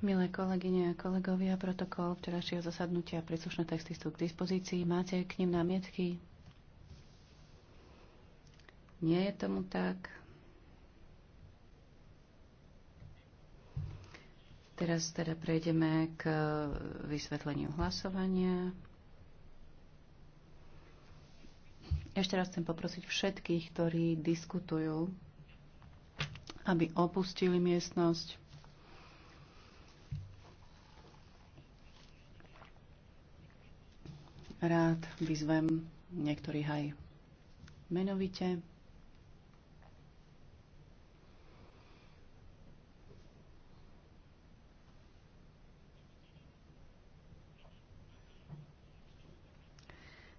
Milé kolegyne a kolegovia, protokol včerajšieho zasadnutia a príslušné texty sú k dispozícii. Máte k ním námietky? Nie je tomu tak. Teraz teda prejdeme k vysvetleniu hlasovania. Ešte raz chcem poprosiť všetkých, ktorí diskutujú aby opustili miestnosť. Rád vyzvem niektorých aj menovite.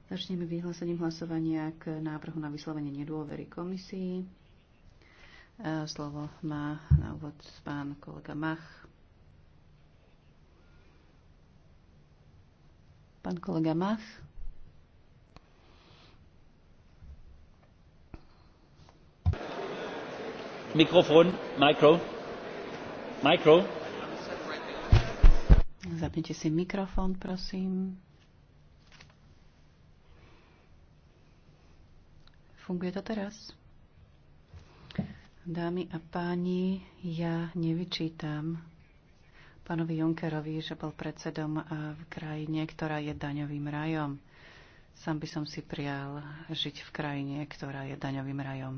Začneme vyhlásením hlasovania k návrhu na vyslovenie nedôvery komisii. Slovo má na úvod pán kolega Mach. Pán kolega Mach. Mikrofón, mikro. Mikro. Zapnite si mikrofón, prosím. Funguje to teraz? Dámy a páni, ja nevyčítam pánovi Junkerovi, že bol predsedom eh, v krajine, ktorá je daňovým rajom. Sam by som si prijal žiť v krajine, ktorá je daňovým rajom.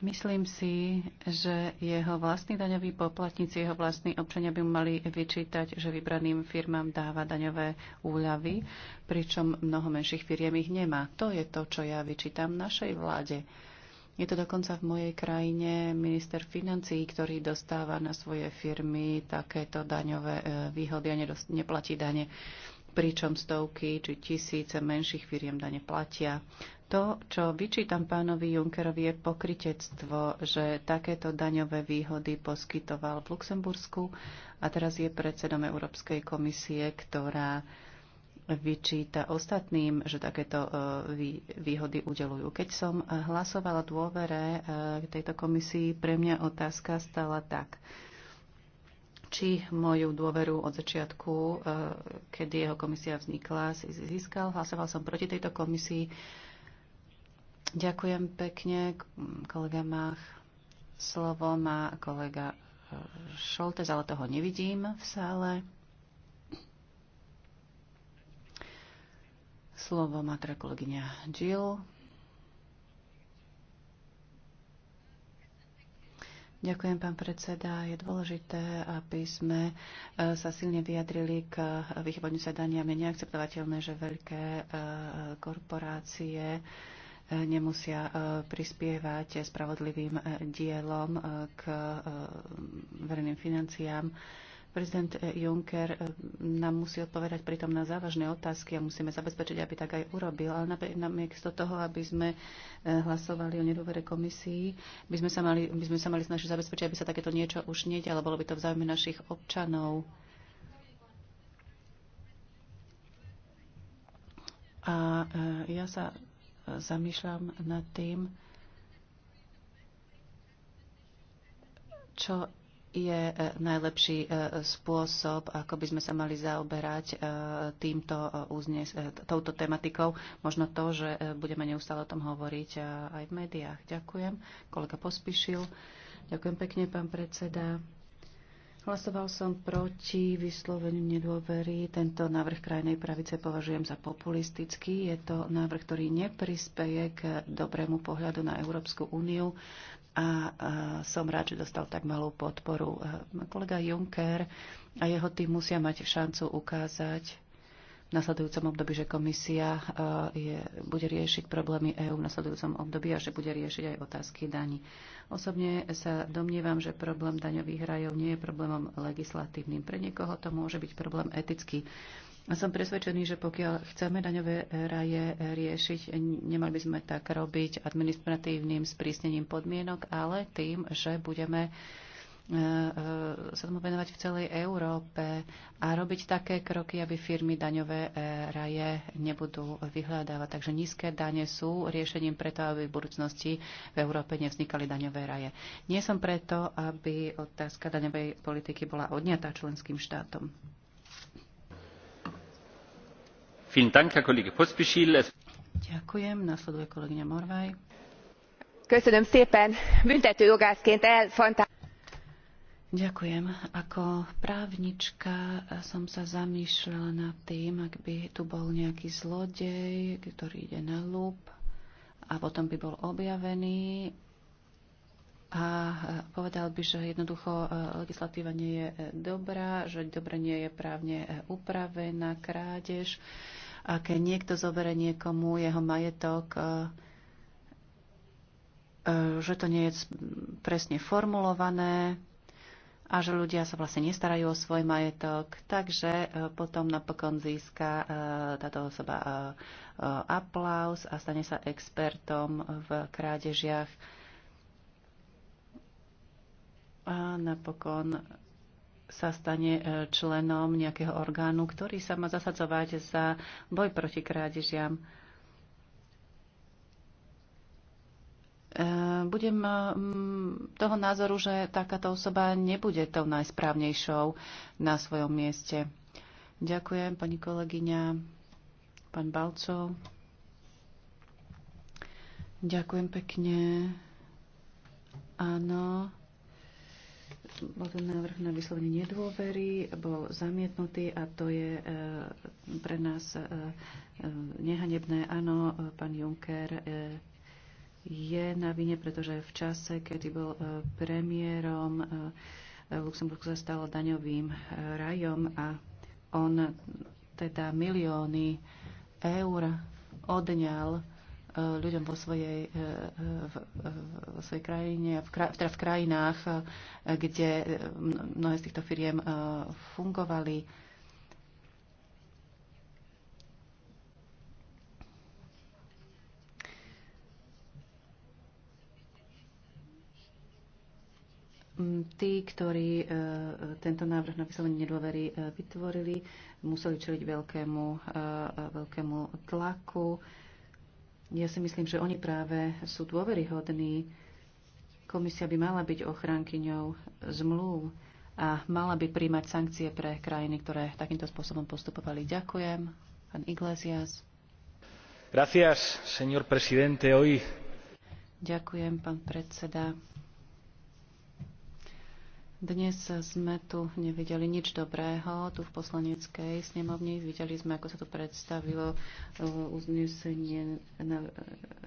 Myslím si, že jeho vlastní daňoví poplatníci, jeho vlastní občania by mali vyčítať, že vybraným firmám dáva daňové úľavy, pričom mnoho menších firiem ich nemá. To je to, čo ja vyčítam našej vláde. Je to dokonca v mojej krajine minister financií, ktorý dostáva na svoje firmy takéto daňové e, výhody a neplatí dane, pričom stovky či tisíce menších firiem dane platia. To, čo vyčítam pánovi Junkerovi, je pokritectvo, že takéto daňové výhody poskytoval v Luxembursku a teraz je predsedom Európskej komisie, ktorá vyčíta ostatným, že takéto e, výhody udelujú. Keď som hlasovala dôvere k e, tejto komisii, pre mňa otázka stala tak či moju dôveru od začiatku, e, kedy jeho komisia vznikla, si získal. Hlasoval som proti tejto komisii. Ďakujem pekne, kolega Mach. Slovo má kolega Šoltes, ale toho nevidím v sále. Slovo má teda kolegyňa Jill. Ďakujem, pán predseda. Je dôležité, aby sme e, sa silne vyjadrili k vychybaniu sa daniam. Je neakceptovateľné, že veľké e, korporácie e, nemusia prispievať spravodlivým dielom k verejným financiám Prezident eh, Juncker eh, nám musí odpovedať pritom na závažné otázky a musíme zabezpečiť, aby tak aj urobil. Ale namiesto toho, aby sme eh, hlasovali o nedôvere komisii, by sme sa mali, by sme sa mali snažiť zabezpečiť, aby sa takéto niečo už neď, ale bolo by to v záujme našich občanov. A ja sa zamýšľam nad tým, čo je e, najlepší e, spôsob, ako by sme sa mali zaoberať e, týmto uznes, touto tematikou. Možno to, že budeme neustále o tom hovoriť aj v médiách. Ďakujem. Kolega pospíšil. Ďakujem pekne, pán predseda. Hlasoval som proti vysloveniu nedôvery. Tento návrh krajnej pravice považujem za populistický. Je to návrh, ktorý neprispeje k dobrému pohľadu na Európsku úniu a som rád, že dostal tak malú podporu. E, kolega Juncker a jeho tým musia mať šancu ukázať, nasledujúcom období, že komisia eh, je, bude riešiť problémy EÚ v nasledujúcom období a že bude riešiť aj otázky daní. Osobne sa domnievam, že problém daňových rajov nie je problémom legislatívnym. Pre niekoho to môže byť problém etický. A som presvedčený, že pokiaľ chceme daňové raje riešiť, nemali by sme tak robiť administratívnym sprísnením podmienok, ale tým, že budeme E, e, sa tomu venovať v celej Európe a robiť také kroky, aby firmy daňové e, raje nebudú vyhľadávať. Takže nízke dane sú riešením preto, aby v budúcnosti v Európe nevznikali daňové raje. Nie som preto, aby otázka daňovej politiky bola odňatá členským štátom. Ďakujem. Nasleduje kolegyňa Morvaj. Köszönöm szépen. Büntetőjogászként elfantáztam. Ďakujem. Ako právnička som sa zamýšľala nad tým, ak by tu bol nejaký zlodej, ktorý ide na lúb a potom by bol objavený a povedal by, že jednoducho e, legislatíva nie je e, dobrá, že dobre nie je právne e, upravená krádež a keď niekto zobere niekomu jeho majetok, že to nie je presne formulované, a že ľudia sa vlastne nestarajú o svoj majetok, takže e, potom napokon získa e, táto osoba e, aplaus a stane sa expertom v krádežiach. A napokon sa stane členom nejakého orgánu, ktorý sa má zasadzovať za boj proti krádežiam. Eh, budem mm, toho názoru, že takáto osoba nebude tou najsprávnejšou na svojom mieste. Ďakujem, pani kolegyňa, pán Balcov. Ďakujem pekne. Áno. Bol to návrh na vyslovenie nedôvery, bol zamietnutý a to je eh, pre nás eh, nehanebné. Áno, pán Juncker je na vine, pretože v čase, kedy bol e, premiérom, e, Luxemburg sa stalo daňovým e, rajom a on teda milióny eur odňal ľuďom vo svojej, v, vo svojej krajine, v, kraj, teda v krajinách, kde mnohé z týchto firiem fungovali Tí, ktorí e, e, tento návrh na vyslovenie nedôvery e, vytvorili, museli čeliť veľkému, veľkému tlaku. Ja si myslím, že oni práve sú dôveryhodní. Komisia by mala byť ochránkyňou zmluv a mala by príjmať sankcie pre krajiny, ktoré takýmto spôsobom postupovali. Ďakujem. Pán Iglesias. Gracias, señor presidente. Hoy... Ďakujem, pán predseda. Dnes sme tu nevideli nič dobrého, tu v poslaneckej snemovni. Videli sme, ako sa tu predstavilo uh, uznesenie na,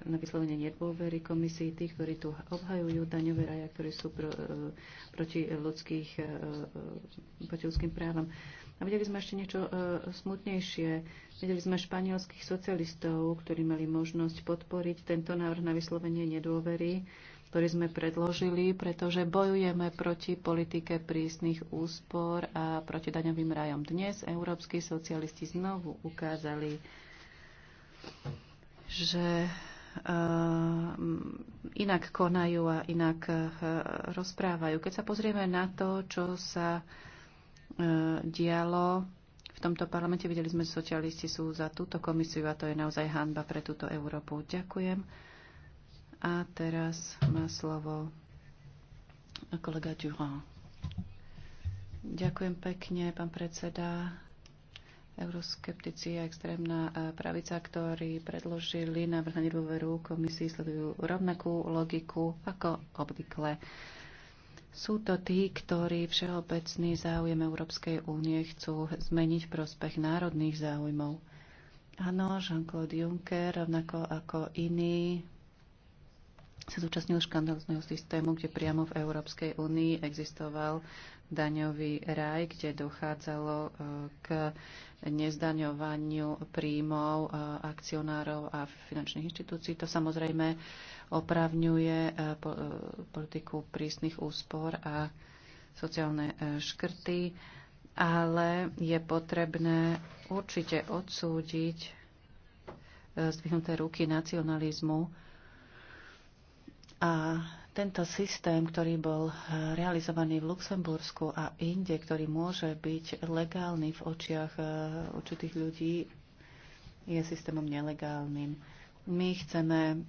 na vyslovenie nedôvery komisii tých, ktorí tu obhajujú daňové raja, ktorí sú pro, uh, proti, ľudských, uh, proti ľudským právam. A videli sme ešte niečo smutnejšie. Videli sme španielských socialistov, ktorí mali možnosť podporiť tento návrh na vyslovenie nedôvery ktorý sme predložili, pretože bojujeme proti politike prísnych úspor a proti daňovým rajom. Dnes európsky socialisti znovu ukázali, že eh, inak konajú a inak eh, rozprávajú. Keď sa pozrieme na to, čo sa eh, dialo v tomto parlamente, videli sme, že socialisti sú za túto komisiu a to je naozaj hanba pre túto Európu. Ďakujem. A teraz má slovo kolega Durand. Ďakujem pekne, pán predseda. Euroskeptici a extrémna e, pravica, ktorí predložili návrh na nedôveru komisii, sledujú rovnakú logiku ako obvykle. Sú to tí, ktorí všeobecný záujem Európskej únie chcú zmeniť v prospech národných záujmov. Áno, Jean-Claude Juncker, rovnako ako iní sa zúčastnil škandálneho systému, kde priamo v Európskej únii existoval daňový raj, kde dochádzalo e, k nezdaňovaniu príjmov e, akcionárov a finančných inštitúcií. To samozrejme opravňuje e, politiku prísnych úspor a sociálne škrty, ale je potrebné určite odsúdiť zdvihnuté ruky nacionalizmu, a tento systém, ktorý bol eh, realizovaný v Luxembursku a inde, ktorý môže byť legálny v očiach eh, určitých ľudí, je systémom nelegálnym. My chceme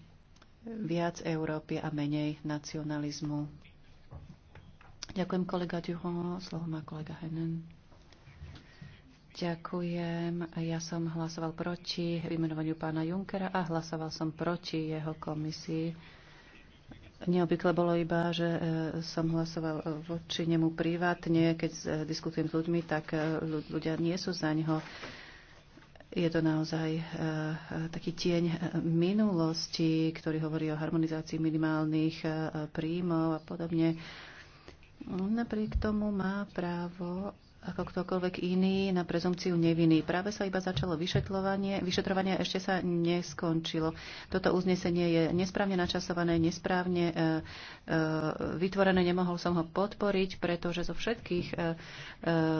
viac Európy a menej nacionalizmu. Ďakujem kolega Duho, slovo má kolega Henen. Ďakujem. Ja som hlasoval proti vymenovaniu pána Junkera a hlasoval som proti jeho komisii Neobykle bolo iba, že e, som hlasoval voči nemu privátne. Keď e, diskutujem s ľuďmi, tak e, ľudia nie sú za neho. Je to naozaj taký tieň minulosti, ktorý hovorí o harmonizácii minimálnych príjmov a podobne. Napriek tomu má právo ako ktokoľvek iný na prezumciu neviny. Práve sa iba začalo vyšetrovanie, vyšetrovanie ešte sa neskončilo. Toto uznesenie je nesprávne načasované, nesprávne e, e, vytvorené, nemohol som ho podporiť, pretože zo všetkých e, e,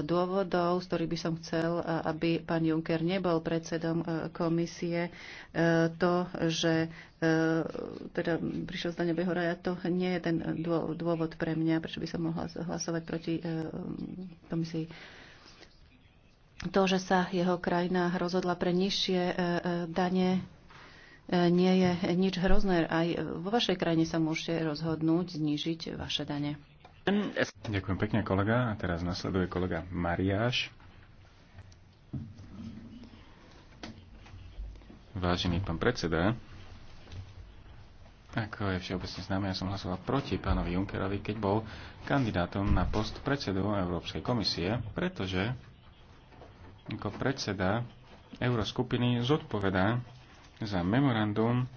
dôvodov, z ktorých by som chcel, aby pán Juncker nebol predsedom e, komisie, e, to, že E, teda prišiel z daňového raja, to nie je ten dôvod pre mňa, prečo by som mohla hlasovať proti e, komisii. To, že sa jeho krajina rozhodla pre nižšie e, dane, nie je nič hrozné. Aj vo vašej krajine sa môžete rozhodnúť znížiť vaše dane. Ďakujem pekne, kolega. A teraz nasleduje kolega Mariáš. Vážený pán predseda, ako je všeobecne známe, ja som hlasoval proti pánovi Junckerovi, keď bol kandidátom na post predsedu Európskej komisie, pretože ako predseda Euroskupiny zodpovedá za memorandum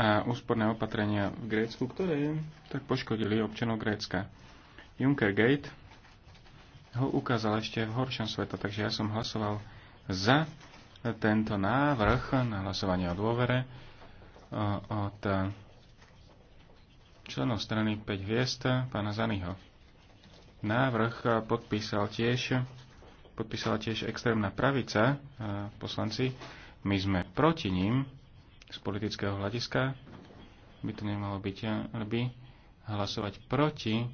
a úsporné opatrenia v Grécku, ktoré tak poškodili občanov Grécka. Juncker Gate ho ukázal ešte v horšom svete, takže ja som hlasoval za tento návrh na hlasovanie o dôvere od členov strany 5 hviezd pána Zaniho. Návrh podpísal tiež, podpísala tiež extrémna pravica poslanci. My sme proti ním z politického hľadiska. By to nemalo byť, aby hlasovať proti, e,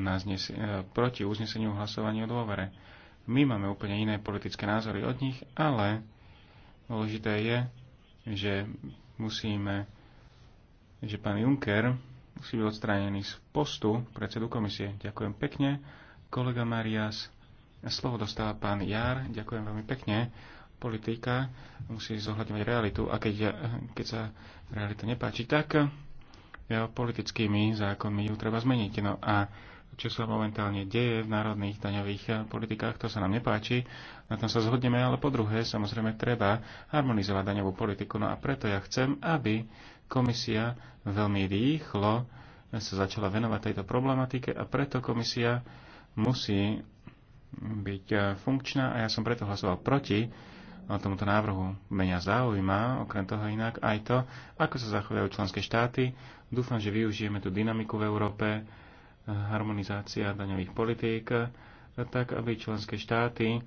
na znes- e, proti uzneseniu hlasovania o dôvere. My máme úplne iné politické názory od nich, ale dôležité je, že musíme, že pán Juncker musí byť odstránený z postu predsedu komisie. Ďakujem pekne, kolega Marias. Slovo dostáva pán Jar. Ďakujem veľmi pekne. Politika musí zohľadňovať realitu a keď, keď sa realita nepáči, tak politickými zákonmi ju treba zmeniť. No a čo sa momentálne deje v národných daňových politikách, to sa nám nepáči, na tom sa zhodneme, ale po druhé, samozrejme, treba harmonizovať daňovú politiku. No a preto ja chcem, aby Komisia veľmi rýchlo sa začala venovať tejto problematike a preto komisia musí byť eh, funkčná a ja som preto hlasoval proti eh, tomuto návrhu. Menia zaujíma, okrem toho inak, aj to, ako sa zachovajú členské štáty. Dúfam, že využijeme tú dynamiku v Európe, eh, harmonizácia daňových politík, tak aby členské štáty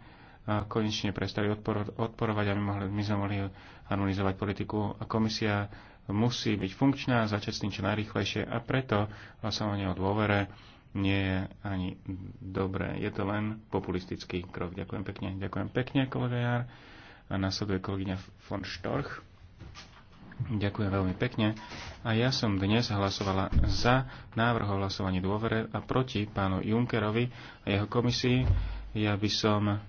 konečne prestali odporovať, aby my sme mohli harmonizovať politiku a komisia musí byť funkčná, začať s tým čo najrychlejšie a preto hlasovanie o dôvere nie je ani dobré. Je to len populistický krok. Ďakujem pekne. Ďakujem pekne, kolega Jar. A nasleduje kolegyňa von Storch. Ďakujem veľmi pekne. A ja som dnes hlasovala za návrh o hlasovaní dôvere a proti pánu Junckerovi a jeho komisii. Ja by som eh,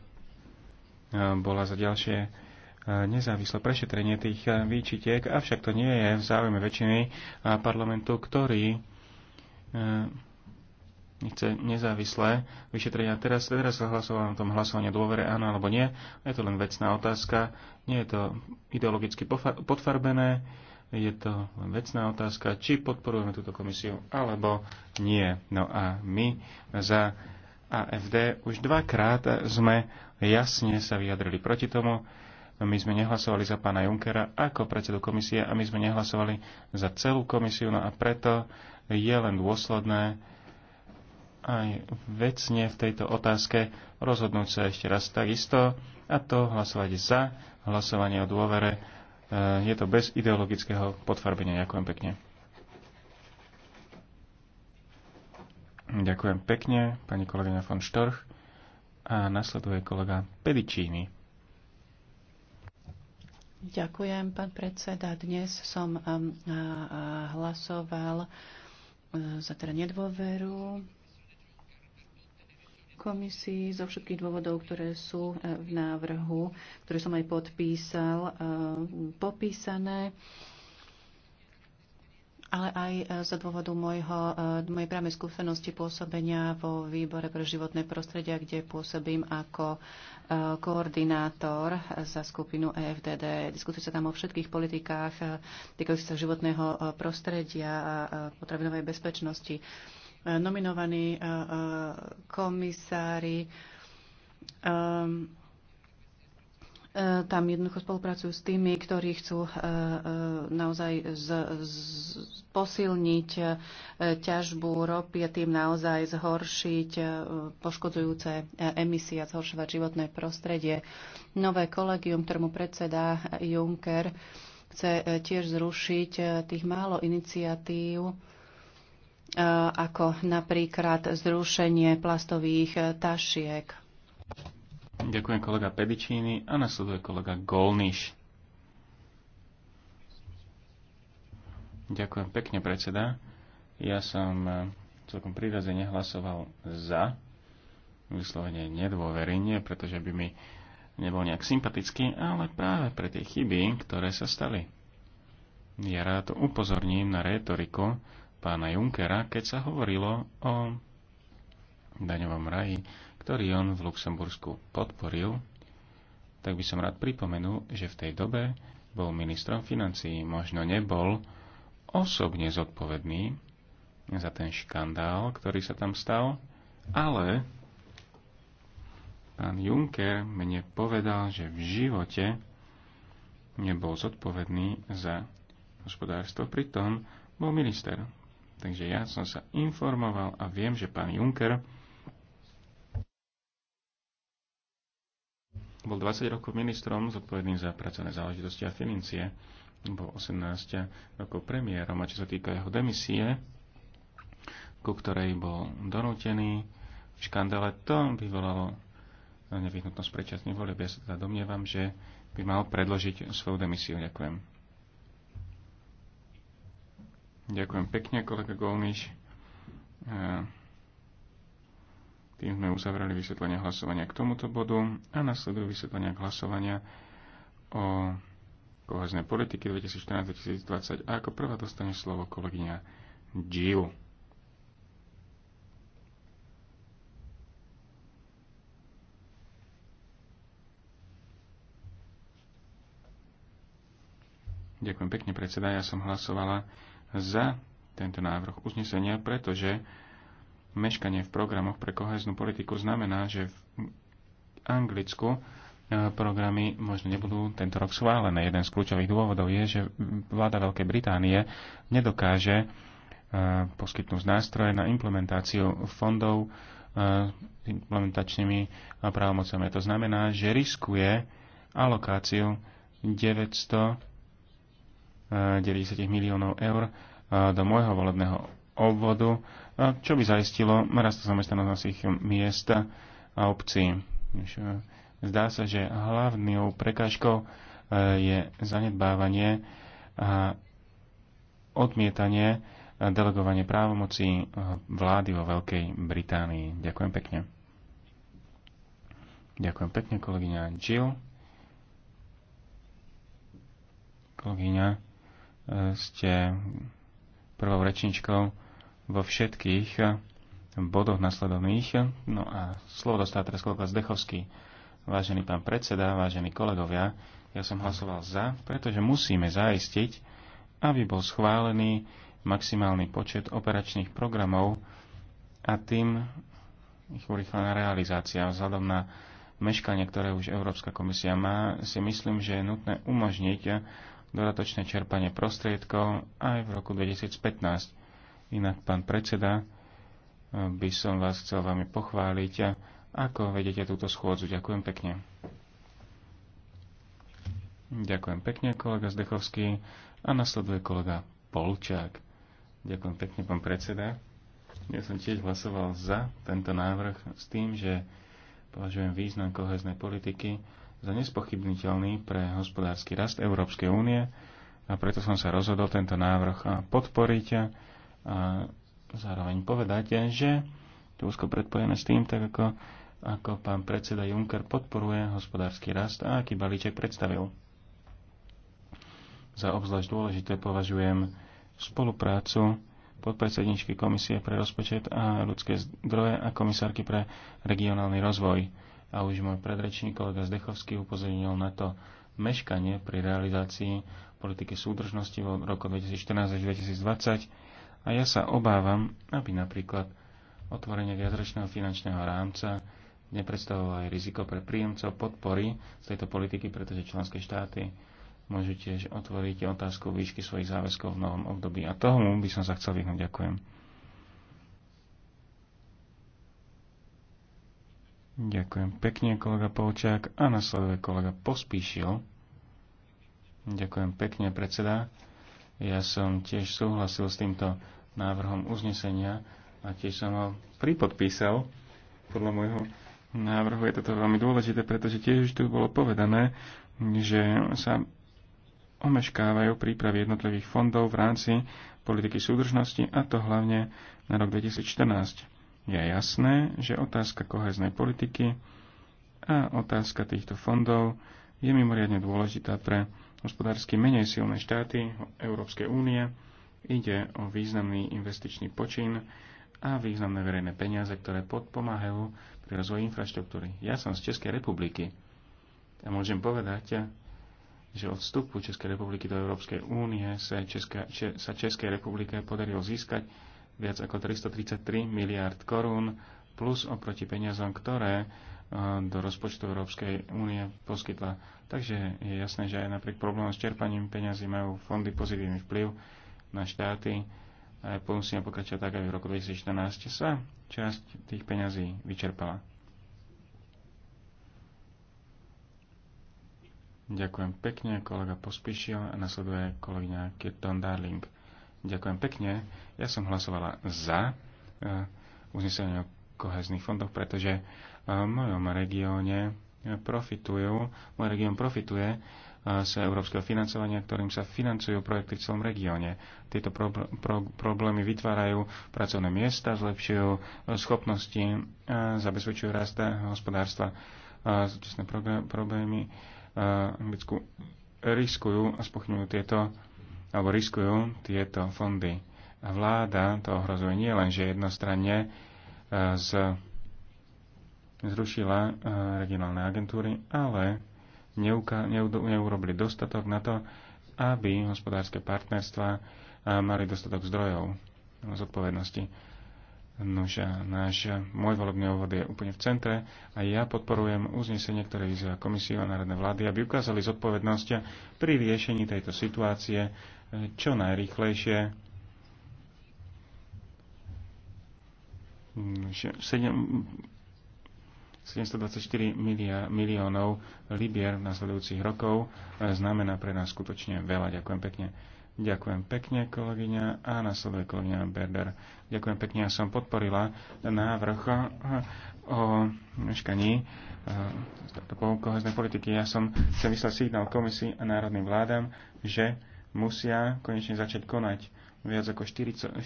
bola za ďalšie nezávislé prešetrenie tých eh, výčitiek, avšak to nie je v záujme väčšiny eh, parlamentu, ktorý eh, nechce nezávislé vyšetrenia. Teraz, teraz sa hlasovalo na tom hlasovanie dôvere, áno alebo nie. Je to len vecná otázka, nie je to ideologicky podfarbené, je to len vecná otázka, či podporujeme túto komisiu alebo nie. No a my za AFD už dvakrát sme jasne sa vyjadrili proti tomu my sme nehlasovali za pána Junkera ako predsedu komisie a my sme nehlasovali za celú komisiu, no a preto je len dôsledné aj vecne v tejto otázke rozhodnúť sa ešte raz takisto a to hlasovať za hlasovanie o dôvere. E, je to bez ideologického podfarbenia. Ďakujem pekne. Ďakujem pekne, pani kolegyňa von Štorch. A nasleduje kolega Pedicini. Ďakujem, pán predseda. Dnes som um, uh, hlasoval uh, za teda nedôveru komisii zo všetkých dôvodov, ktoré sú uh, v návrhu, ktoré som aj podpísal, popísané ale aj e, z dôvodu mojho, e, mojej právnej skúsenosti pôsobenia vo výbore pre životné prostredia, kde pôsobím ako e, koordinátor za skupinu EFDD. Diskutuje sa tam o všetkých politikách týkajúcich sa životného prostredia a potravinovej bezpečnosti. Nominovaní komisári E, tam jednoducho spolupracujú s tými, ktorí chcú e, e, naozaj z, z, posilniť ťažbu ropy a tým naozaj zhoršiť poškodzujúce emisie a zhoršovať životné prostredie. Nové kolegium, ktorému predseda Juncker, chce tiež zrušiť tých málo iniciatív, ako napríklad zrušenie plastových tašiek Ďakujem kolega Pedičíny a nasleduje kolega Golniš. Ďakujem pekne, predseda. Ja som eh, celkom prirazene hlasoval za vyslovene nedôvery, nie pretože by mi nebol nejak sympatický, ale práve pre tie chyby, ktoré sa stali. Ja rád upozorním na rétoriku pána Junkera, keď sa hovorilo o daňovom raji ktorý on v Luxembursku podporil, tak by som rád pripomenul, že v tej dobe bol ministrom financií, možno nebol osobne zodpovedný za ten škandál, ktorý sa tam stal, ale pán Juncker mne povedal, že v živote nebol zodpovedný za hospodárstvo, pritom bol minister. Takže ja som sa informoval a viem, že pán Juncker Bol 20 rokov ministrom zodpovedným za pracovné záležitosti a financie. Bol 18 rokov premiérom a čo sa týka jeho demisie, ku ktorej bol donútený v škandále, to vyvolalo nevyhnutnosť predčasných volieb. Ja sa teda domnievam, že by mal predložiť svoju demisiu. Ďakujem. Ďakujem pekne, kolega Golniš. E, tým sme uzavreli vysvetlenie hlasovania k tomuto bodu a nasledujú vysvetlenia k hlasovania o kohezné politiky 2014-2020 a ako prvá dostane slovo kolegyňa Jill. Ďakujem pekne, predseda. Ja som hlasovala za tento návrh uznesenia, pretože meškanie v programoch pre koheznú politiku znamená, že v Anglicku e, programy možno nebudú tento rok schválené. Jeden z kľúčových dôvodov je, že vláda Veľkej Británie nedokáže e, poskytnúť nástroje na implementáciu fondov s e, implementačnými právomocami. To znamená, že riskuje alokáciu 990 miliónov eur do môjho volebného obvodu, čo by zaistilo rast zamestnanosť našich miest a obcí. E, zdá sa, že hlavnou prekážkou e, je zanedbávanie a odmietanie a delegovanie právomocí vlády vo Veľkej Británii. Ďakujem pekne. Ďakujem pekne, kolegyňa Jill. Kolegyňa, e, ste prvou rečničkou vo všetkých eh, bodoch nasledovných. No a slovo dostáva teraz kolega Zdechovský. Vážený pán predseda, vážení kolegovia, ja som hlasoval za, pretože musíme zaistiť, aby bol schválený maximálny počet operačných programov a tým ich urychlená realizácia. Vzhľadom na meškanie, ktoré už Európska komisia má, si myslím, že je nutné umožniť eh, dodatočné čerpanie prostriedkov aj v roku 2015. Inak, pán predseda, e, by som vás chcel vám pochváliť, ako vedete túto schôdzu. Ďakujem pekne. Ďakujem pekne, kolega Zdechovský. A nasleduje kolega Polčák. Ďakujem pekne, pán predseda. Ja som tiež hlasoval za tento návrh s tým, že považujem význam koheznej politiky za nespochybniteľný pre hospodársky rast Európskej únie a preto som sa rozhodol tento návrh podporiť a zároveň povedať, že to úzko predpojené s tým, tak ako, ako pán predseda Juncker podporuje hospodársky rast a aký balíček predstavil. Za obzvlášť dôležité považujem spoluprácu podpredsedničky Komisie pre rozpočet a ľudské zdroje a komisárky pre regionálny rozvoj. A už môj predrečník kolega Zdechovský upozornil na to meškanie pri realizácii politiky súdržnosti v roku 2014 až 2020 a ja sa obávam, aby napríklad otvorenie viacročného finančného rámca nepredstavovalo aj riziko pre príjemcov podpory z tejto politiky, pretože členské štáty môžu tiež otvoriť otázku výšky svojich záväzkov v novom období. A tomu by som sa chcel vyhnúť. Ďakujem. Ďakujem pekne, kolega Polčák. A nasleduje kolega Pospíšil. Ďakujem pekne, predseda. Ja som tiež súhlasil s týmto návrhom uznesenia a tiež som ho pripodpísal. Podľa môjho návrhu je toto veľmi dôležité, pretože tiež už tu bolo povedané, že sa omeškávajú prípravy jednotlivých fondov v rámci politiky súdržnosti a to hlavne na rok 2014. Je jasné, že otázka koheznej politiky a otázka týchto fondov je mimoriadne dôležitá pre hospodársky menej silné štáty Európskej únie, Ide o významný investičný počin a významné verejné peniaze, ktoré podpomáhajú pri rozvoji infraštruktúry. Ja som z Českej republiky a môžem povedať, že od vstupu Českej republiky do Európskej únie sa, Česká, Če, sa Českej republike podarilo získať viac ako 333 miliard korún plus oproti peniazom, ktoré eh, do rozpočtu Európskej únie poskytla. Takže je jasné, že aj napriek problémom s čerpaním peniazy majú fondy pozitívny vplyv na štáty. A musíme pokračovať tak, aby v roku 2014 sa časť tých peňazí vyčerpala. Ďakujem pekne, kolega Pospíšil a nasleduje kolegyňa Kirton Darling. Ďakujem pekne. Ja som hlasovala za e, uznesenie o kohezných fondoch, pretože e, v mojom regióne profitujú, môj región profituje z európskeho financovania, ktorým sa financujú projekty v celom regióne. Tieto pro, pro, problémy vytvárajú pracovné miesta, zlepšujú eh, schopnosti, a eh, zabezpečujú rast hospodárstva. Súčasné problémy eh, Anglicku riskujú a spochňujú tieto alebo riskujú tieto fondy. A vláda to ohrozuje nie len, že jednostranne z, zrušila regionálne agentúry, ale neurobili dostatok na to, aby hospodárske partnerstva mali dostatok zdrojov zodpovednosti. Nož, náš, môj volebný obvod je úplne v centre a ja podporujem uznesenie, ktoré vyzýva komisiu a národné vlády, aby ukázali zodpovednosť pri riešení tejto situácie e, čo najrýchlejšie. 724 miliónov libier v nasledujúcich rokov e, znamená pre nás skutočne veľa. Ďakujem pekne. Ďakujem pekne, kolegyňa. A nasleduje kolegyňa Berder. Ďakujem pekne. Ja som podporila návrh e, o meškaní e, kohezné politiky. Ja som chcel vyslať signál komisii a národným vládam, že musia konečne začať konať viac ako 400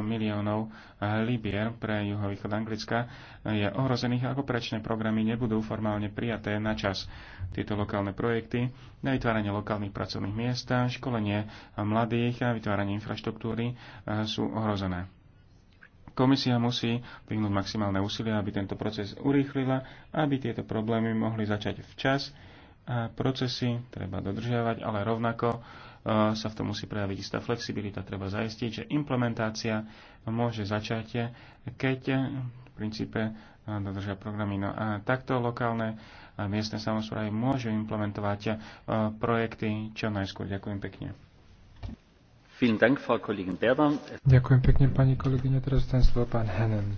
miliónov eh, libier pre juhovýchod Anglicka eh, je ohrozených a operačné programy nebudú formálne prijaté na čas. Tieto lokálne projekty na vytváranie lokálnych pracovných miest, školenie mladých a vytváranie infraštruktúry eh, sú ohrozené. Komisia musí vyhnúť maximálne úsilie, aby tento proces urýchlila, aby tieto problémy mohli začať včas a procesy treba dodržiavať, ale rovnako sa v tom musí prejaviť istá flexibilita. Treba zaistiť, že implementácia môže začať, keď v princípe dodržia programy. No a takto lokálne a miestne samozprávy môžu implementovať e, projekty čo najskôr. Ďakujem pekne. Ďakujem pekne, pani kolegyňa. Teraz ten slovo pán Henen.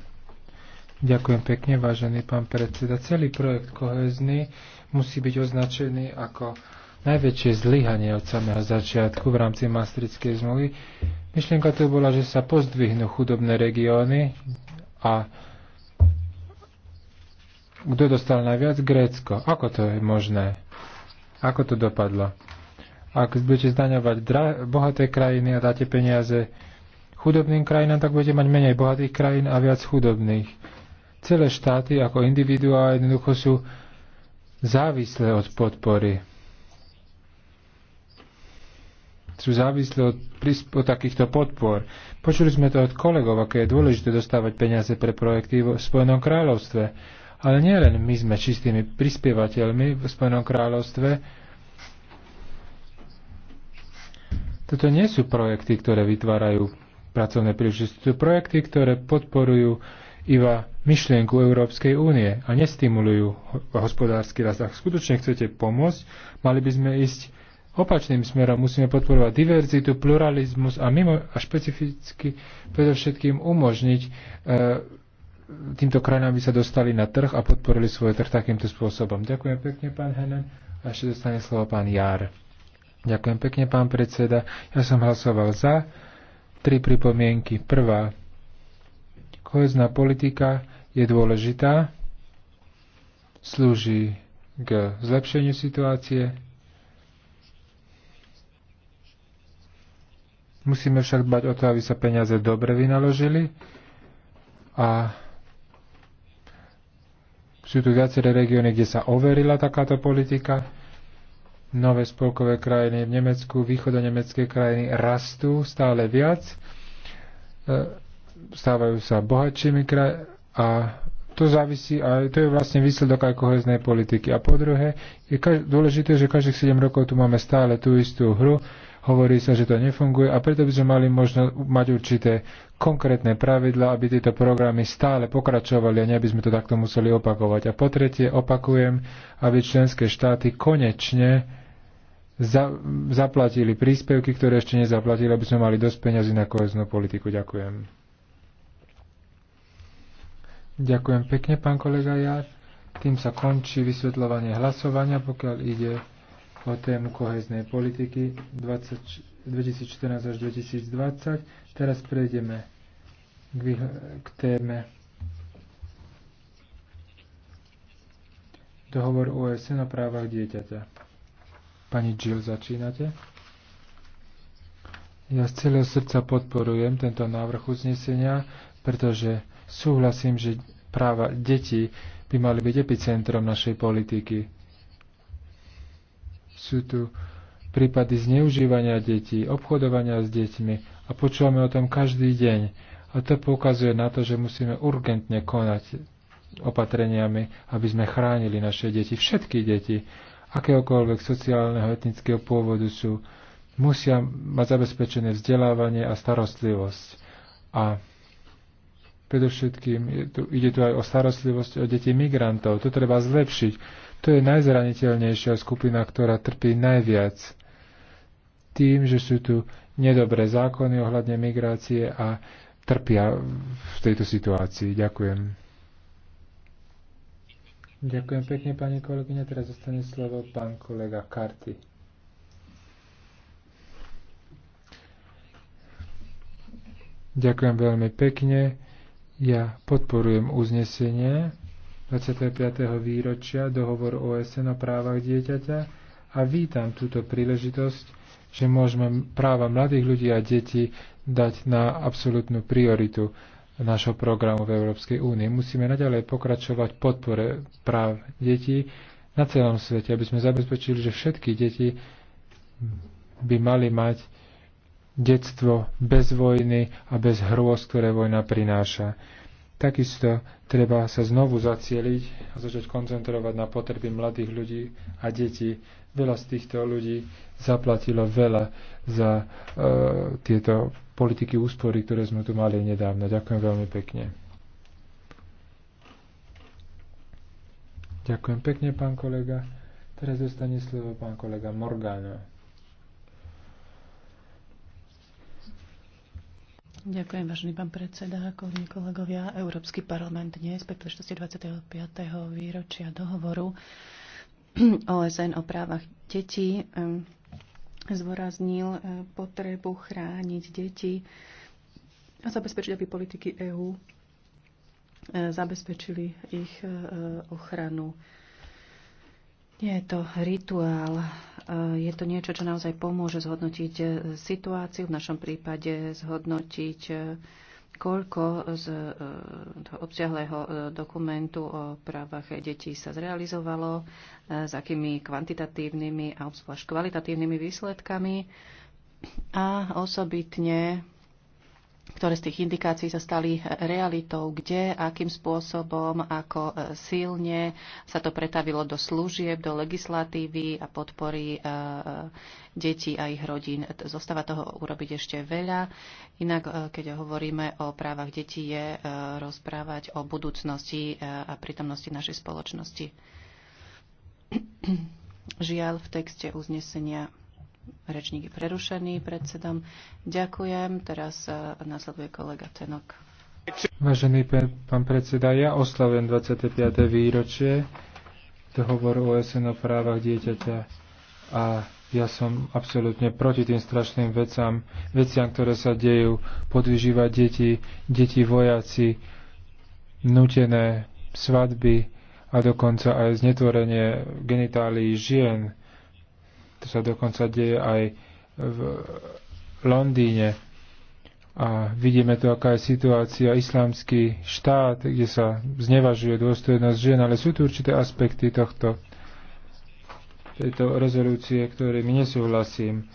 Ďakujem pekne, vážený pán predseda. Celý projekt kohezný musí byť označený ako najväčšie zlyhanie od samého začiatku v rámci Maastrichtskej zmluvy. Myšlienka to bola, že sa pozdvihnú chudobné regióny a kto dostal najviac? Grécko. Ako to je možné? Ako to dopadlo? Ak budete zdaňovať bohaté krajiny a dáte peniaze chudobným krajinám, tak budete mať menej bohatých krajín a viac chudobných. Celé štáty ako individuá jednoducho sú závislé od podpory sú závislí od, od takýchto podpor. Počuli sme to od kolegov, aké je dôležité dostávať peniaze pre projekty v Spojenom kráľovstve. Ale nielen my sme čistými prispievateľmi v Spojenom kráľovstve. Toto nie sú projekty, ktoré vytvárajú pracovné príležitosti. To sú projekty, ktoré podporujú iba myšlienku Európskej únie a nestimulujú hospodársky rast. Ak skutočne chcete pomôcť, mali by sme ísť Opačným smerom musíme podporovať diverzitu, pluralizmus a, mimo, a špecificky predovšetkým umožniť e, týmto krajinám, aby sa dostali na trh a podporili svoj trh takýmto spôsobom. Ďakujem pekne, pán Henen. A ešte dostane slovo pán Jar. Ďakujem pekne, pán predseda. Ja som hlasoval za. Tri pripomienky. Prvá. Kohezná politika je dôležitá. Slúži k zlepšeniu situácie Musíme však dbať o to, aby sa peniaze dobre vynaložili a sú tu viaceré regióny, kde sa overila takáto politika. Nové spolkové krajiny v Nemecku, východonemecké krajiny rastú stále viac, e, stávajú sa bohatšími kraj a to závisí, a to je vlastne výsledok aj koheznej politiky. A po druhé, je dôležité, že každých 7 rokov tu máme stále tú istú hru, Hovorí sa, že to nefunguje a preto by sme mali možno mať určité konkrétne pravidla, aby tieto programy stále pokračovali a neby sme to takto museli opakovať. A po tretie, opakujem, aby členské štáty konečne za, zaplatili príspevky, ktoré ešte nezaplatili, aby sme mali dosť peňazí na koheznú politiku. Ďakujem. Ďakujem pekne, pán kolega Jar. Tým sa končí vysvetľovanie hlasovania, pokiaľ ide o tému koheznej politiky 2014 až 2020. Teraz prejdeme k, k téme dohovor OSN o právach dieťaťa. Pani Jill, začínate? Ja z celého srdca podporujem tento návrh uznesenia, pretože súhlasím, že práva detí by mali byť epicentrom našej politiky sú tu prípady zneužívania detí, obchodovania s deťmi a počúvame o tom každý deň. A to poukazuje na to, že musíme urgentne konať opatreniami, aby sme chránili naše deti, všetky deti, akéhokoľvek sociálneho, etnického pôvodu sú, musia mať zabezpečené vzdelávanie a starostlivosť. A predovšetkým tu, ide tu aj o starostlivosť o deti migrantov. To treba zlepšiť to je najzraniteľnejšia skupina, ktorá trpí najviac tým, že sú tu nedobré zákony ohľadne migrácie a trpia v tejto situácii. Ďakujem. Ďakujem pekne, pani kolegyňa. Teraz zostane slovo pán kolega Karty. Ďakujem veľmi pekne. Ja podporujem uznesenie 25. výročia dohovor OSN o právach dieťaťa a vítam túto príležitosť, že môžeme práva mladých ľudí a detí dať na absolútnu prioritu našho programu v Európskej únie. Musíme naďalej pokračovať podpore práv detí na celom svete, aby sme zabezpečili, že všetky deti by mali mať detstvo bez vojny a bez hrôz, ktoré vojna prináša. Takisto treba sa znovu zacieliť a začať koncentrovať na potreby mladých ľudí a detí. Veľa z týchto ľudí zaplatilo veľa za e, tieto politiky úspory, ktoré sme tu mali nedávno. Ďakujem veľmi pekne. Ďakujem pekne, pán kolega. Teraz dostane slovo pán kolega Morgano. Ďakujem, vážený pán predseda, kolegyne, kolegovia. Európsky parlament dnes, pri 25. výročia dohovoru OSN o právach detí, ehm, zvoraznil ehm, potrebu chrániť deti a zabezpečiť, aby politiky EÚ ehm, zabezpečili ich ochranu. Nie je to rituál, e, je to niečo, čo naozaj pomôže zhodnotiť e, situáciu, v našom prípade zhodnotiť, e, koľko z toho dokumentu o právach detí sa zrealizovalo, s akými kvantitatívnymi a obzvlášť kvalitatívnymi výsledkami a osobitne ktoré z tých indikácií sa stali realitou, kde, akým spôsobom, ako e, silne sa to pretavilo do služieb, do legislatívy a podpory e, e, detí a ich rodín. Zostáva toho urobiť ešte veľa. Inak, keď hovoríme o právach detí, je rozprávať o budúcnosti a prítomnosti našej spoločnosti. Žiaľ, v texte uznesenia Rečník je prerušený predsedom. Ďakujem. Teraz e, nasleduje kolega Tenok. Vážený pán predseda, ja oslavujem 25. výročie dohovoru OSN o právach dieťaťa a ja som absolútne proti tým strašným vecám, veciam, ktoré sa dejú, podvyžívať deti, deti vojaci, nutené svadby a dokonca aj znetvorenie genitálií žien to sa dokonca deje aj v Londýne. A vidíme to, aká je situácia islamský štát, kde sa znevažuje dôstojnosť žien, ale sú tu určité aspekty tohto, tejto rezolúcie, ktorými nesúhlasím.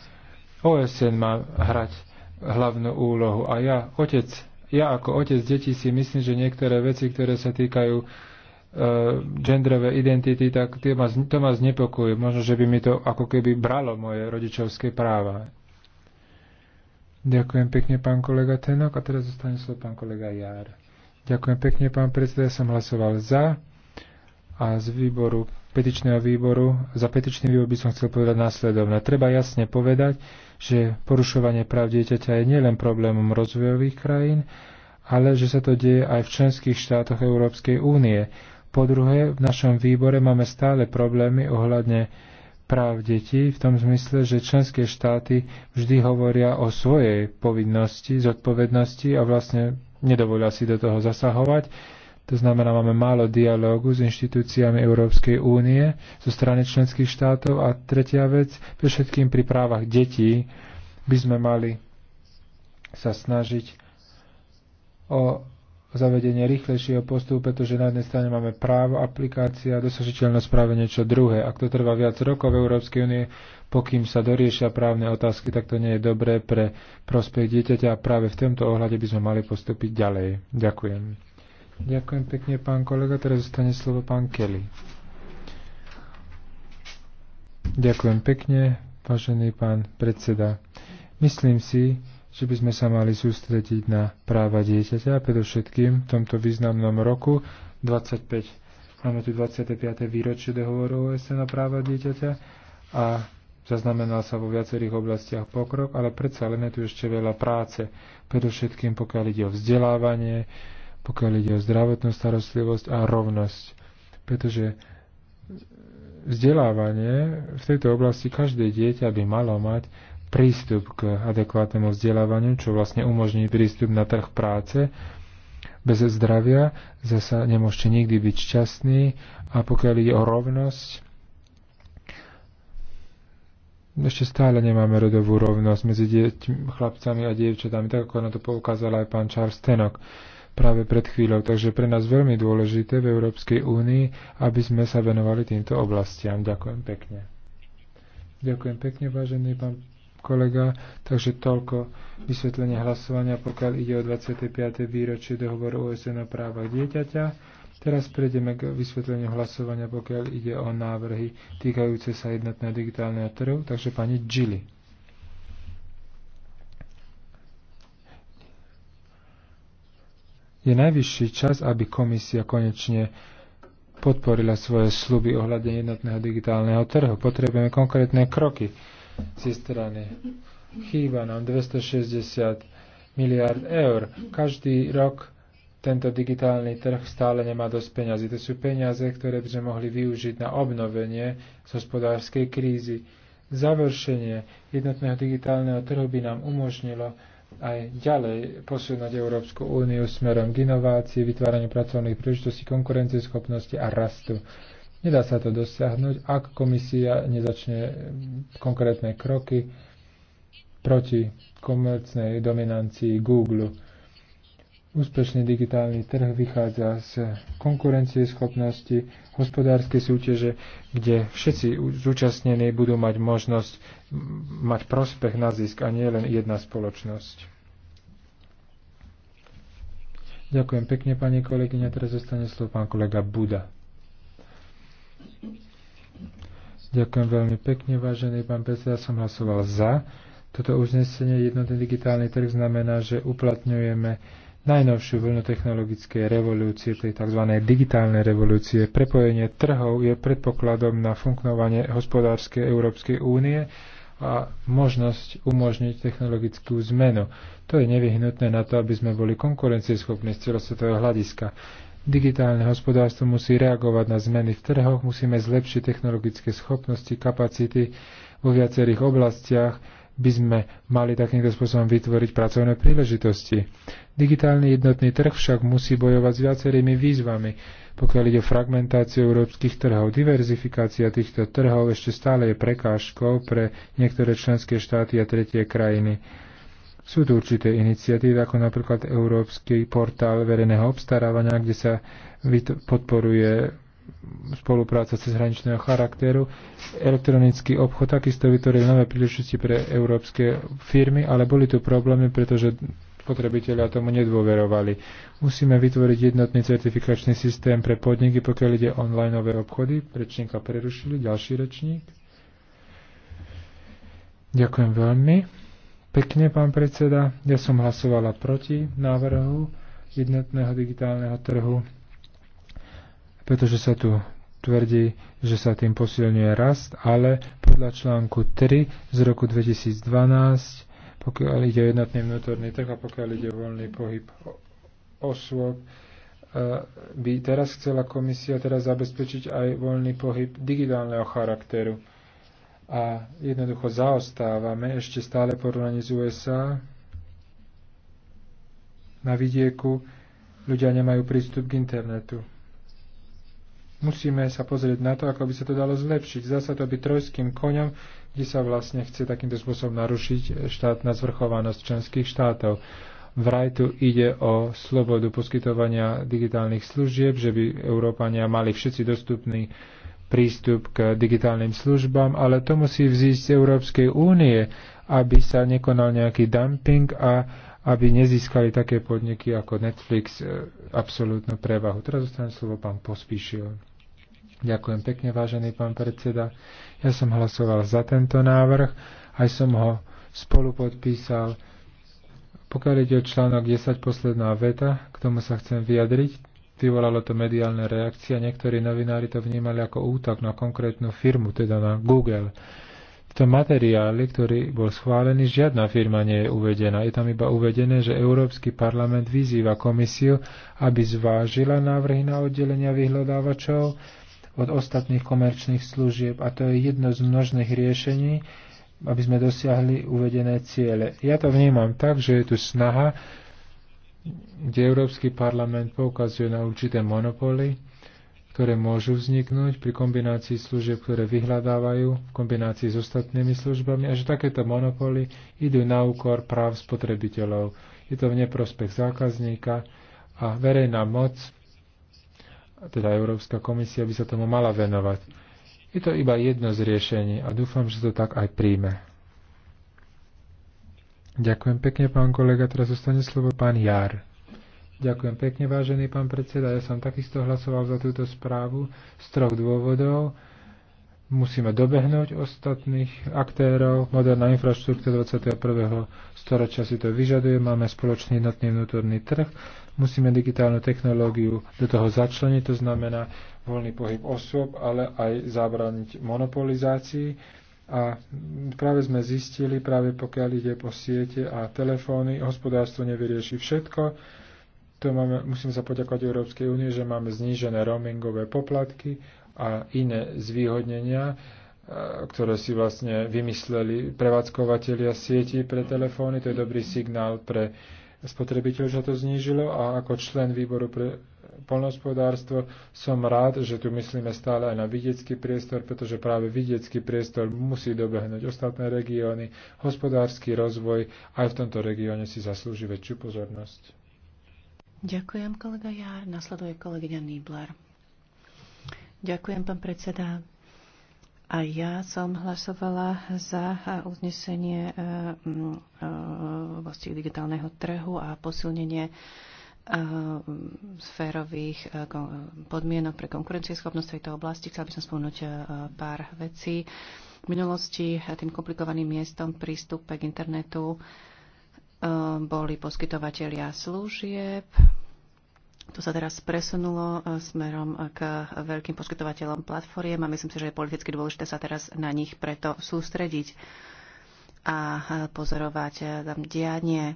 OSN má hrať hlavnú úlohu a ja, otec, ja ako otec detí si myslím, že niektoré veci, ktoré sa týkajú E, genderové identity, tak to ma, to ma znepokojuje. Možno, že by mi to ako keby bralo moje rodičovské práva. Ďakujem pekne, pán kolega Tenok. A teraz zostane slovo pán kolega Jár. Ďakujem pekne, pán predseda. Ja som hlasoval za a z výboru, petičného výboru, za petičný výbor by som chcel povedať následovne. Treba jasne povedať, že porušovanie práv dieťaťa je nielen problémom rozvojových krajín, ale že sa to deje aj v členských štátoch Európskej únie po druhé, v našom výbore máme stále problémy ohľadne práv detí v tom zmysle, že členské štáty vždy hovoria o svojej povinnosti, zodpovednosti a vlastne nedovolia si do toho zasahovať. To znamená, máme málo dialógu s inštitúciami Európskej únie zo strany členských štátov. A tretia vec, pre všetkým pri právach detí by sme mali sa snažiť o zavedenie rýchlejšieho postupu, pretože na jednej strane máme právo, aplikácia, dosažiteľnosť práve niečo druhé. Ak to trvá viac rokov v Európskej únie, pokým sa doriešia právne otázky, tak to nie je dobré pre prospech dieťaťa a práve v tomto ohľade by sme mali postúpiť ďalej. Ďakujem. Ďakujem pekne, pán kolega. Teraz zostane slovo pán Kelly. Ďakujem pekne, vážený pán predseda. Myslím si, že by sme sa mali sústrediť na práva dieťaťa predovšetkým v tomto významnom roku 25, máme tu 25. výročie dohovoru OSN na práva dieťaťa a zaznamenal sa vo viacerých oblastiach pokrok, ale predsa len je tu ešte veľa práce, predovšetkým pokiaľ ide o vzdelávanie, pokiaľ ide o zdravotnú starostlivosť a rovnosť. Pretože vzdelávanie v tejto oblasti každé dieťa by malo mať prístup k adekvátnemu vzdelávaniu, čo vlastne umožní prístup na trh práce. Bez zdravia zasa nemôžete nikdy byť šťastní a pokiaľ ide o rovnosť, ešte stále nemáme rodovú rovnosť medzi chlapcami a dievčatami, tak ako na to poukázal aj pán Charles Tenok práve pred chvíľou. Takže pre nás veľmi dôležité v Európskej únii, aby sme sa venovali týmto oblastiam. Ďakujem pekne. Ďakujem pekne, vážený pán kolega. Takže toľko vysvetlenie hlasovania, pokiaľ ide o 25. výročie dohovoru OSN o právach dieťaťa. Teraz prejdeme k vysvetleniu hlasovania, pokiaľ ide o návrhy týkajúce sa jednotného digitálneho trhu. Takže pani Gilly. Je najvyšší čas, aby komisia konečne podporila svoje sluby ohľadne jednotného digitálneho trhu. Potrebujeme konkrétne kroky ze strany. Chýba nám 260 miliard eur. Každý rok tento digitálny trh stále nemá dosť peňazí. To sú peniaze, ktoré by sme mohli využiť na obnovenie z hospodárskej krízy. Završenie jednotného digitálneho trhu by nám umožnilo aj ďalej posunúť Európsku úniu smerom k inovácii, vytváraniu pracovných príležitostí, konkurencieschopnosti a rastu. Nedá sa to dosiahnuť, ak komisia nezačne konkrétne kroky proti komercnej dominancii Google. Úspešný digitálny trh vychádza z konkurencie schopnosti, hospodárskej súťaže, kde všetci zúčastnení budú mať možnosť mať prospech na zisk a nie len jedna spoločnosť. Ďakujem pekne, pani kolegyňa. Teraz zostane slovo pán kolega Buda. Ďakujem veľmi pekne, vážený pán predseda, som hlasoval za. Toto uznesenie jednotný digitálny trh znamená, že uplatňujeme najnovšiu vlnu technologickej revolúcie, tej tzv. digitálnej revolúcie. Prepojenie trhov je predpokladom na fungovanie hospodárskej Európskej únie a možnosť umožniť technologickú zmenu. To je nevyhnutné na to, aby sme boli konkurencieschopní z celosvetového hľadiska. Digitálne hospodárstvo musí reagovať na zmeny v trhoch, musíme zlepšiť technologické schopnosti, kapacity vo viacerých oblastiach, by sme mali takýmto spôsobom vytvoriť pracovné príležitosti. Digitálny jednotný trh však musí bojovať s viacerými výzvami, pokiaľ ide o fragmentáciu európskych trhov. Diverzifikácia týchto trhov ešte stále je prekážkou pre niektoré členské štáty a tretie krajiny. Sú tu určité iniciatívy, ako napríklad Európsky portál verejného obstarávania, kde sa podporuje spolupráca cezhraničného charakteru. Elektronický obchod takisto vytvoril nové príležitosti pre európske firmy, ale boli tu problémy, pretože potrebitelia tomu nedôverovali. Musíme vytvoriť jednotný certifikačný systém pre podniky, pokiaľ ide nové obchody. Rečníka prerušili. Ďalší rečník. Ďakujem veľmi pekne, pán predseda. Ja som hlasovala proti návrhu jednotného digitálneho trhu, pretože sa tu tvrdí, že sa tým posilňuje rast, ale podľa článku 3 z roku 2012, pokiaľ ide o jednotný vnútorný trh a pokiaľ ide o voľný pohyb osôb, e, by teraz chcela komisia teraz zabezpečiť aj voľný pohyb digitálneho charakteru a jednoducho zaostávame ešte stále porovnaní z USA. Na vidieku ľudia nemajú prístup k internetu. Musíme sa pozrieť na to, ako by sa to dalo zlepšiť. Zasa to by trojským koňom, kde sa vlastne chce takýmto spôsobom narušiť štátna zvrchovanosť členských štátov. Vraj tu ide o slobodu poskytovania digitálnych služieb, že by Európania mali všetci dostupný prístup k digitálnym službám, ale to musí vzísť z Európskej únie, aby sa nekonal nejaký dumping a aby nezískali také podniky ako Netflix e, absolútnu prevahu. Teraz zostane slovo pán Pospíšil. Ďakujem pekne, vážený pán predseda. Ja som hlasoval za tento návrh, aj som ho spolu podpísal. Pokiaľ ide o článok 10, posledná veta, k tomu sa chcem vyjadriť vyvolalo to mediálne reakcie a niektorí novinári to vnímali ako útok na konkrétnu firmu, teda na Google. V tom materiáli, ktorý bol schválený, žiadna firma nie je uvedená. Je tam iba uvedené, že Európsky parlament vyzýva komisiu, aby zvážila návrhy na oddelenia vyhľadávačov od ostatných komerčných služieb a to je jedno z množných riešení, aby sme dosiahli uvedené ciele. Ja to vnímam tak, že je tu snaha kde Európsky parlament poukazuje na určité monopoly, ktoré môžu vzniknúť pri kombinácii služieb, ktoré vyhľadávajú v kombinácii s ostatnými službami a že takéto monopoly idú na úkor práv spotrebiteľov. Je to v neprospech zákazníka a verejná moc, teda Európska komisia by sa tomu mala venovať. Je to iba jedno z riešení a dúfam, že to tak aj príjme. Ďakujem pekne, pán kolega. Teraz zostane slovo pán Jar. Ďakujem pekne, vážený pán predseda. Ja som takisto hlasoval za túto správu z troch dôvodov. Musíme dobehnúť ostatných aktérov. Moderná infraštruktúra 21. storočia si to vyžaduje. Máme spoločný jednotný vnútorný trh. Musíme digitálnu technológiu do toho začleniť, to znamená voľný pohyb osôb, ale aj zabrániť monopolizácii a práve sme zistili, práve pokiaľ ide po siete a telefóny, hospodárstvo nevyrieši všetko. To máme, musím sa poďakovať Európskej únie, že máme znížené roamingové poplatky a iné zvýhodnenia, ktoré si vlastne vymysleli prevádzkovateľia sieti pre telefóny. To je dobrý signál pre spotrebiteľ, že to znížilo a ako člen výboru pre polnospodárstvo. Som rád, že tu myslíme stále aj na vidiecký priestor, pretože práve vidiecký priestor musí dobehnúť ostatné regióny. Hospodársky rozvoj aj v tomto regióne si zaslúži väčšiu pozornosť. Ďakujem, kolega Jár. Nasleduje kolegyňa Nibler. Ďakujem, pán predseda. A ja som hlasovala za e, uznesenie vlastne digitálneho trhu a posilnenie Eh, sférových eh, podmienok pre konkurencieschopnosť v tejto oblasti. Chcel by som spomenúť eh, pár vecí. V minulosti tým komplikovaným miestom prístupe k internetu boli poskytovateľia služieb. To sa teraz presunulo smerom k veľkým poskytovateľom platformiem a myslím si, že je politicky dôležité sa teraz na nich preto sústrediť a pozorovať e, tam dianie. E,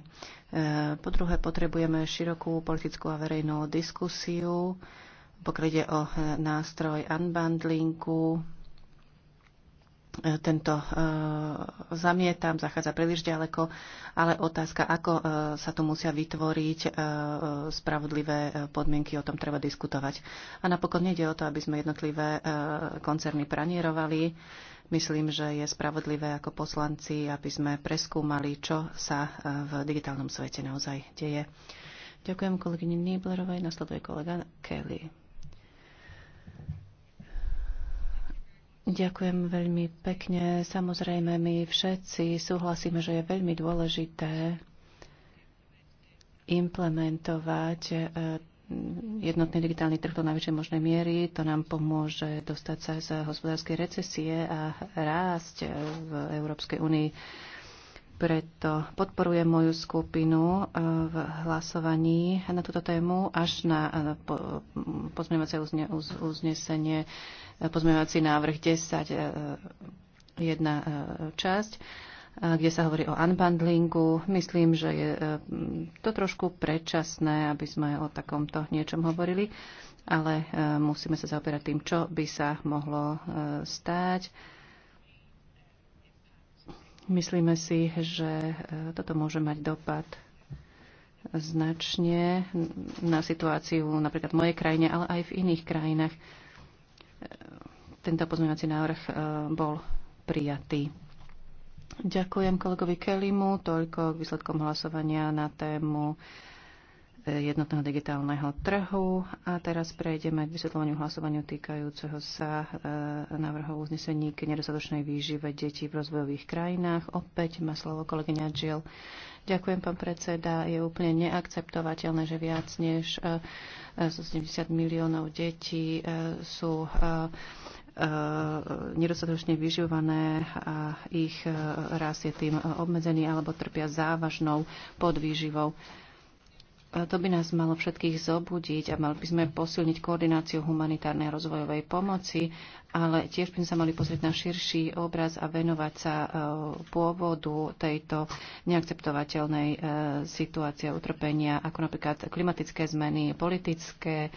po druhé, potrebujeme širokú politickú a verejnú diskusiu, pokiaľ ide o e, nástroj unbundlingu. Tento zamietam, zachádza príliš ďaleko, ale otázka, ako sa tu musia vytvoriť spravodlivé podmienky, o tom treba diskutovať. A napokon nejde o to, aby sme jednotlivé koncerny pranierovali Myslím, že je spravodlivé ako poslanci, aby sme preskúmali, čo sa e, v digitálnom svete naozaj deje. Ďakujem kolegyni Niblerovej, nasleduje kolega Kelly. Ďakujem veľmi pekne. Samozrejme, my všetci súhlasíme, že je veľmi dôležité implementovať e, jednotný digitálny trh do najväčšej možnej miery. To nám pomôže dostať sa z hospodárskej recesie a rásť v Európskej únii. Preto podporujem moju skupinu eh, v hlasovaní na túto tému až na eh, pozmeňovacie uznesenie, eh, pozmeňovací návrh 10, jedna časť kde sa hovorí o unbundlingu. Myslím, že je e, to trošku predčasné, aby sme o takomto niečom hovorili, ale e, musíme sa zaoberať tým, čo by sa mohlo e, stať. Myslíme si, že toto môže mať dopad značne na situáciu napríklad v mojej krajine, ale aj v iných krajinách. Tento pozmeňovací návrh bol prijatý. Ďakujem kolegovi Kelimu, toľko k výsledkom hlasovania na tému e, jednotného digitálneho trhu. A teraz prejdeme k vysvetľovaniu hlasovaniu týkajúceho sa e, návrhov uznesení k nedostatočnej výžive detí v rozvojových krajinách. Opäť má slovo kolegyňa Jill. Ďakujem, pán predseda. Je úplne neakceptovateľné, že viac než 80 e, miliónov detí sú E, nedostatočne vyživované a ich e, rast je tým obmedzený alebo trpia závažnou podvýživou. E, to by nás malo všetkých zobudiť a mali by sme posilniť koordináciu humanitárnej a rozvojovej pomoci, ale tiež by sme sa mali pozrieť na širší obraz a venovať sa pôvodu tejto neakceptovateľnej situácie utrpenia, ako napríklad klimatické zmeny, politické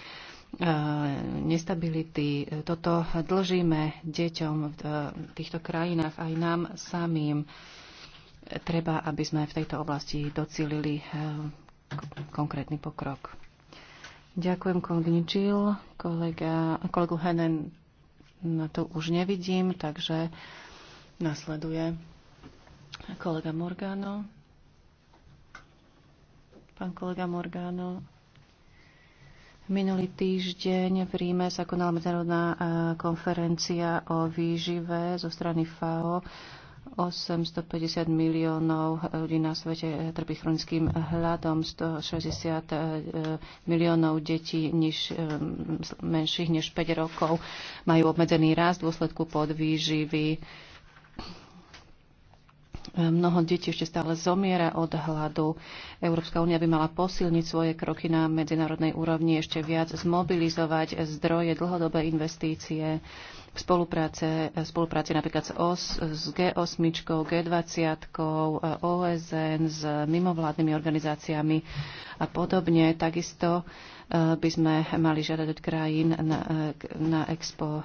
nestability. Toto dlžíme deťom e, v týchto krajinách aj nám samým. Treba, aby sme v tejto oblasti docílili e, konkrétny pokrok. Ďakujem kolegyni Jill. Kolega, kolegu Henen na to už nevidím, takže nasleduje kolega Morgano. Pán kolega Morgano, Minulý týždeň v Ríme sa konala medzinárodná eh, konferencia o výžive zo strany FAO. 850 miliónov eh, ľudí na svete eh, trpí chronickým hľadom, 160 miliónov detí niž, menších než 5 rokov majú obmedzený rast v dôsledku podvýživy. Mnoho detí ešte stále zomiera od hladu. Európska únia by mala posilniť svoje kroky na medzinárodnej úrovni, ešte viac zmobilizovať zdroje dlhodobé investície v spolupráce, spolupráci napríklad s, OS, s G8, G20, OSN, s mimovládnymi organizáciami a podobne. Takisto Eh, by sme mali žiadať od krajín na, eh, na Expo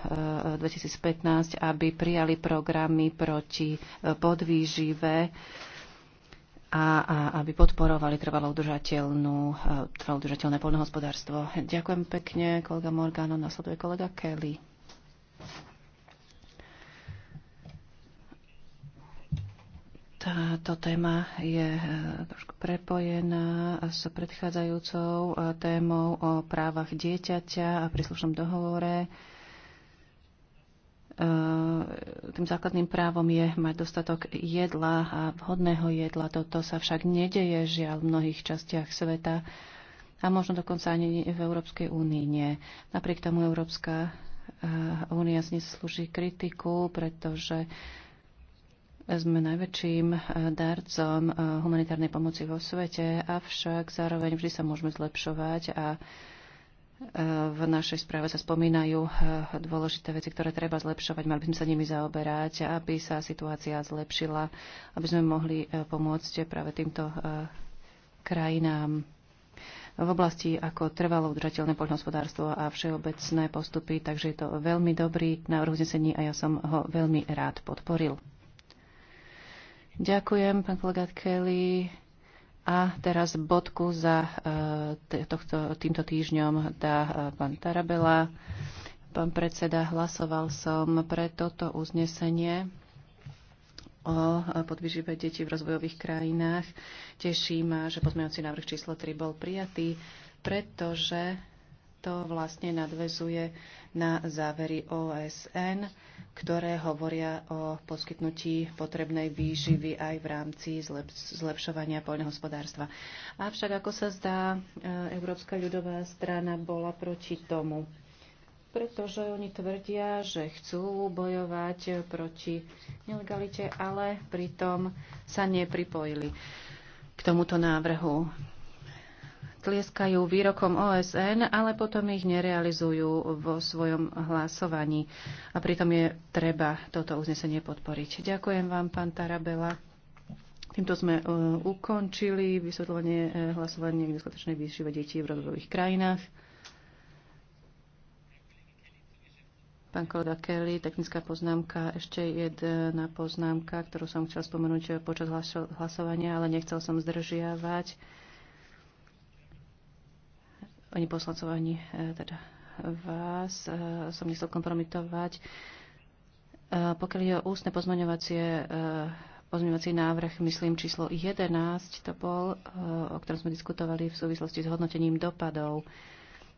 2015, eh, aby prijali programy proti podvýžive a, a aby podporovali trvalo udržateľné poľnohospodárstvo. Ďakujem pekne, kolega Morgano, nasleduje kolega Kelly. Táto téma je e, trošku prepojená s predchádzajúcou e, témou o právach dieťaťa a príslušnom dohovore. E, tým základným právom je mať dostatok jedla a vhodného jedla. Toto sa však nedeje žiaľ v mnohých častiach sveta a možno dokonca ani v Európskej únii nie. Napriek tomu Európska únia slúži kritiku, pretože sme najväčším eh, darcom eh, humanitárnej pomoci vo svete, avšak zároveň vždy sa môžeme zlepšovať a eh, v našej správe sa spomínajú dôležité veci, ktoré treba zlepšovať. Mali by sme sa nimi zaoberať, aby sa situácia zlepšila, aby sme mohli pomôcť práve týmto krajinám v oblasti ako trvalo udržateľné poľnohospodárstvo a všeobecné postupy, takže je to veľmi dobrý návrh uznesení a ja som ho veľmi rád podporil. Ďakujem, pán kolega Kelly. A teraz bodku za eh, tohto, týmto týždňom dá eh, pán Tarabela. Pán predseda, hlasoval som pre toto uznesenie o eh, podvyživé detí v rozvojových krajinách. Teší ma, že pozmeňovací návrh číslo 3 bol prijatý, pretože to vlastne nadvezuje na závery OSN, ktoré hovoria o poskytnutí potrebnej výživy aj v rámci zlepšovania poľnohospodárstva. Avšak, ako sa zdá, e, Európska ľudová strana bola proti tomu, pretože oni tvrdia, že chcú bojovať proti nelegalite, ale pritom sa nepripojili k tomuto návrhu tlieskajú výrokom OSN, ale potom ich nerealizujú vo svojom hlasovaní. A pritom je treba toto uznesenie podporiť. Ďakujem vám, pán Tarabela. Týmto sme e, ukončili vysvetlenie hlasovania k neskutočnej výšive detí v rozvojových krajinách. Pán kolega Kelly, technická poznámka. Ešte jedna poznámka, ktorú som chcel spomenúť počas hlasovania, ale nechcel som zdržiavať pani poslancov, ani e, teda vás e, som nechcel kompromitovať. E, pokiaľ je o ústne pozmaňovacie pozmeňovací návrh, myslím číslo 11, to bol, o ktorom sme diskutovali v súvislosti s hodnotením dopadov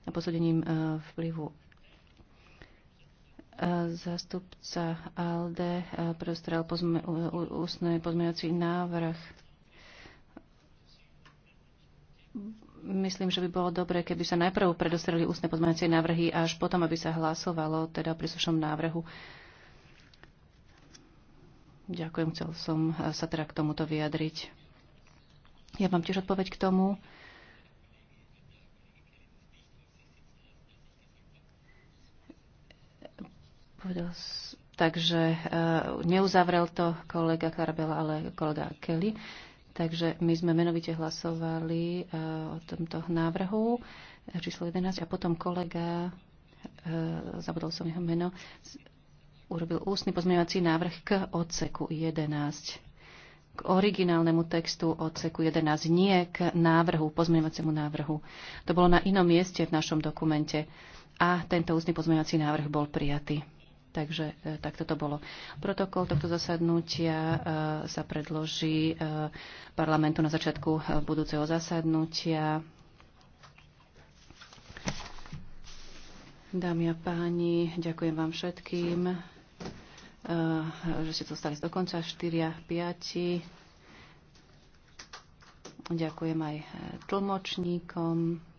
a posúdením vplyvu. Zastupca ALDE prostrel pozme, ústne pozmeňovací návrh. Myslím, že by bolo dobré, keby sa najprv predostreli ústne pozmeňujúce návrhy a až potom, aby sa hlasovalo teda o príslušnom návrhu. Ďakujem, chcel som eh, sa teda k tomuto vyjadriť. Ja mám tiež odpoveď k tomu. Povedal, takže eh, neuzavrel to kolega Karabela, ale kolega Kelly. Takže my sme menovite hlasovali e, o tomto návrhu e, číslo 11 a potom kolega, e, zabudol som jeho meno, urobil ústny pozmeňovací návrh k odseku 11 k originálnemu textu odseku 11, nie k návrhu, pozmeňovaciemu návrhu. To bolo na inom mieste v našom dokumente a tento ústny pozmeňovací návrh bol prijatý. Takže e, takto to bolo. Protokol tohto zasadnutia e, sa predloží e, parlamentu na začiatku budúceho zasadnutia. Dámy a páni, ďakujem vám všetkým, že ste zostali do konca 4 a 5. Ďakujem aj tlmočníkom.